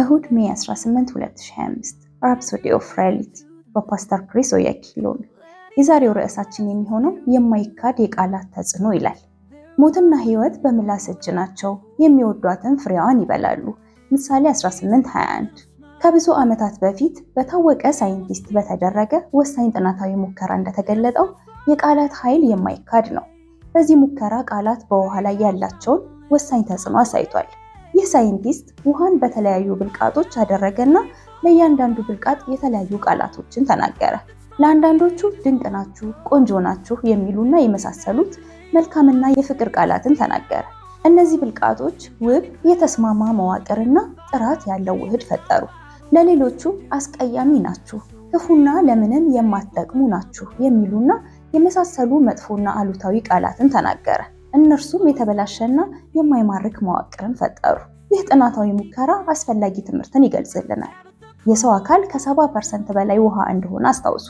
እሁድ ሜ 18 2025 ራፕሶዲ ኦፍ ሪያሊቲ በፓስተር ክሪስ ኦያኪሎን። የዛሬው ርዕሳችን የሚሆነው የማይካድ የቃላት ተጽዕኖ ይላል። ሞትና ህይወት በምላስ እጅ ናቸው፣ የሚወዷትን ፍሬዋን ይበላሉ። ምሳሌ 18:21 ከብዙ ዓመታት በፊት በታወቀ ሳይንቲስት በተደረገ ወሳኝ ጥናታዊ ሙከራ እንደተገለጠው የቃላት ኃይል የማይካድ ነው። በዚህ ሙከራ ቃላት በውሃ ላይ ያላቸውን ወሳኝ ተጽዕኖ አሳይቷል። ይህ ሳይንቲስት ውሃን በተለያዩ ብልቃጦች አደረገና ለእያንዳንዱ ብልቃጥ የተለያዩ ቃላቶችን ተናገረ። ለአንዳንዶቹ ድንቅ ናችሁ፣ ቆንጆ ናችሁ የሚሉና የመሳሰሉት መልካምና የፍቅር ቃላትን ተናገረ። እነዚህ ብልቃጦች ውብ፣ የተስማማ መዋቅርና ጥራት ያለው ውህድ ፈጠሩ። ለሌሎቹ አስቀያሚ ናችሁ፣ ክፉና ለምንም የማትጠቅሙ ናችሁ የሚሉና የመሳሰሉ መጥፎና አሉታዊ ቃላትን ተናገረ። እነርሱም የተበላሸና የማይማርክ መዋቅርን ፈጠሩ። ይህ ጥናታዊ ሙከራ አስፈላጊ ትምህርትን ይገልጽልናል። የሰው አካል ከ70 ፐርሰንት በላይ ውሃ እንደሆነ አስታውሱ።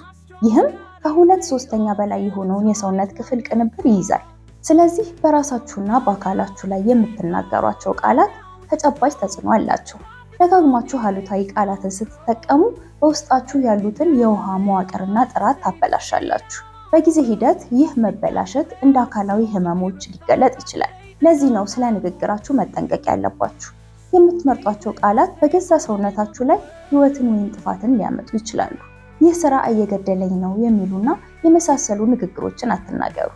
ይህም ከሁለት ሶስተኛ በላይ የሆነውን የሰውነት ክፍል ቅንብር ይይዛል። ስለዚህ በራሳችሁና በአካላችሁ ላይ የምትናገሯቸው ቃላት ተጨባጭ ተጽዕኖ አላቸው። ደጋግማችሁ አሉታዊ ቃላትን ስትጠቀሙ በውስጣችሁ ያሉትን የውሃ መዋቅርና ጥራት ታበላሻላችሁ። በጊዜ ሂደት ይህ መበላሸት እንደ አካላዊ ህመሞች ሊገለጥ ይችላል። ለዚህ ነው ስለ ንግግራችሁ መጠንቀቅ ያለባችሁ። የምትመርጧቸው ቃላት በገዛ ሰውነታችሁ ላይ ህይወትን ወይም ጥፋትን ሊያመጡ ይችላሉ። ይህ ስራ እየገደለኝ ነው የሚሉና የመሳሰሉ ንግግሮችን አትናገሩ።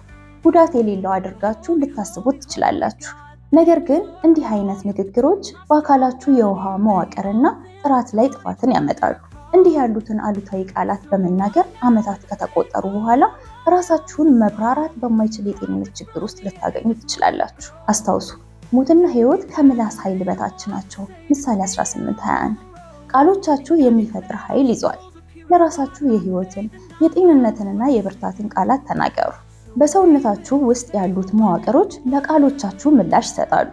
ጉዳት የሌለው አድርጋችሁ ልታስቡት ትችላላችሁ። ነገር ግን እንዲህ አይነት ንግግሮች በአካላችሁ የውሃ መዋቅርና ጥራት ላይ ጥፋትን ያመጣሉ። እንዲህ ያሉትን አሉታዊ ቃላት በመናገር ዓመታት ከተቆጠሩ በኋላ ራሳችሁን መብራራት በማይችል የጤንነት ችግር ውስጥ ልታገኙ ትችላላችሁ። አስታውሱ፣ ሞትና ሕይወት ከምላስ ኃይል በታች ናቸው። ምሳሌ 18:21 ቃሎቻችሁ የሚፈጥር ኃይል ይዟል። ለራሳችሁ የህይወትን የጤንነትንና የብርታትን ቃላት ተናገሩ። በሰውነታችሁ ውስጥ ያሉት መዋቅሮች ለቃሎቻችሁ ምላሽ ይሰጣሉ።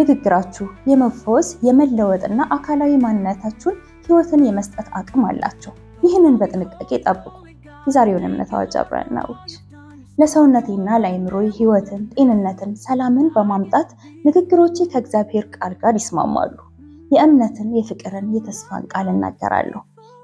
ንግግራችሁ የመፈወስ የመለወጥና አካላዊ ማንነታችሁን ህይወትን የመስጠት አቅም አላቸው። ይህንን በጥንቃቄ ጠብቁ። የዛሬውን እምነት አዋጅ ብረናዎች! ለሰውነቴና ለአይምሮ ህይወትን፣ ጤንነትን፣ ሰላምን በማምጣት ንግግሮቼ ከእግዚአብሔር ቃል ጋር ይስማማሉ። የእምነትን፣ የፍቅርን፣ የተስፋን ቃል እናገራለሁ።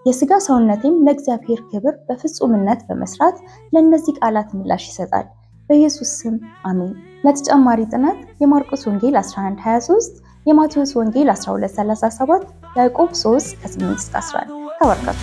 የስጋ ሰውነቴም ለእግዚአብሔር ክብር በፍጹምነት በመስራት ለእነዚህ ቃላት ምላሽ ይሰጣል። በኢየሱስ ስም አሜን። ለተጨማሪ ጥናት የማርቆስ ወንጌል 11 23 የማቴዎስ ወንጌል 12:37፣ ያዕቆብ 3:8-11 ተባርካችኋል።